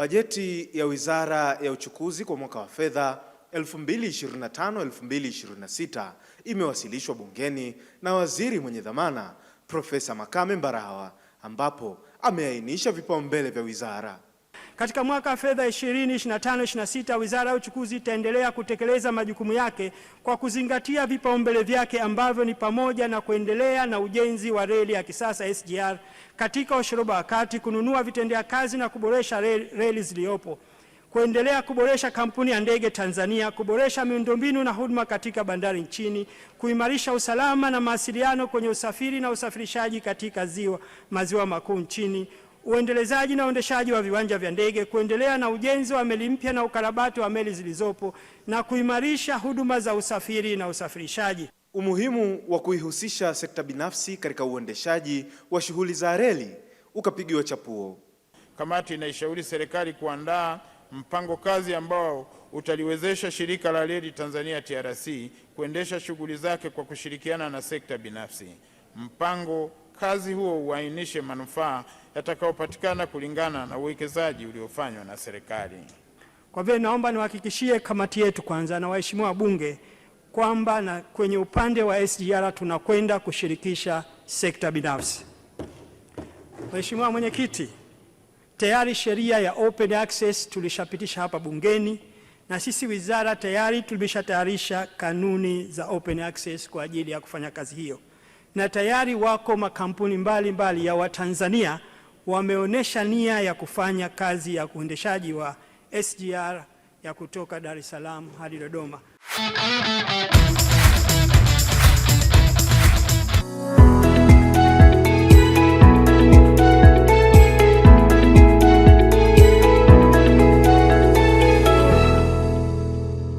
Bajeti ya Wizara ya Uchukuzi kwa mwaka wa fedha 2025-2026 imewasilishwa bungeni na waziri mwenye dhamana Profesa Makame Mbarawa ambapo ameainisha vipaumbele vya wizara. Katika mwaka wa fedha 2025/26 Wizara ya Uchukuzi itaendelea kutekeleza majukumu yake kwa kuzingatia vipaumbele vyake ambavyo ni pamoja na kuendelea na ujenzi wa reli ya kisasa SGR katika ushoroba wa kati, kununua vitendea kazi na kuboresha reli zilizopo, kuendelea kuboresha kampuni ya ndege Tanzania, kuboresha miundombinu na huduma katika bandari nchini, kuimarisha usalama na mawasiliano kwenye usafiri na usafirishaji katika ziwa maziwa makuu nchini uendelezaji na uendeshaji wa viwanja vya ndege, kuendelea na ujenzi wa meli mpya na ukarabati wa meli zilizopo na kuimarisha huduma za usafiri na usafirishaji. Umuhimu wa kuihusisha sekta binafsi katika uendeshaji wa shughuli za reli ukapigiwa chapuo. Kamati inaishauri serikali kuandaa mpango kazi ambao utaliwezesha shirika la reli Tanzania TRC kuendesha shughuli zake kwa kushirikiana na sekta binafsi. Mpango Ukazi huo uainishe manufaa yatakayopatikana kulingana na uwekezaji uliofanywa na serikali. Kwa vile naomba niwahakikishie kamati yetu kwanza na waheshimiwa wabunge kwamba na kwenye upande wa SGR tunakwenda kushirikisha sekta binafsi. Mheshimiwa Mwenyekiti, tayari sheria ya open access tulishapitisha hapa bungeni na sisi wizara tayari tumeshatayarisha kanuni za open access kwa ajili ya kufanya kazi hiyo na tayari wako makampuni mbalimbali mbali ya Watanzania wameonyesha nia ya kufanya kazi ya uendeshaji wa SGR ya kutoka Dar es Salaam hadi Dodoma.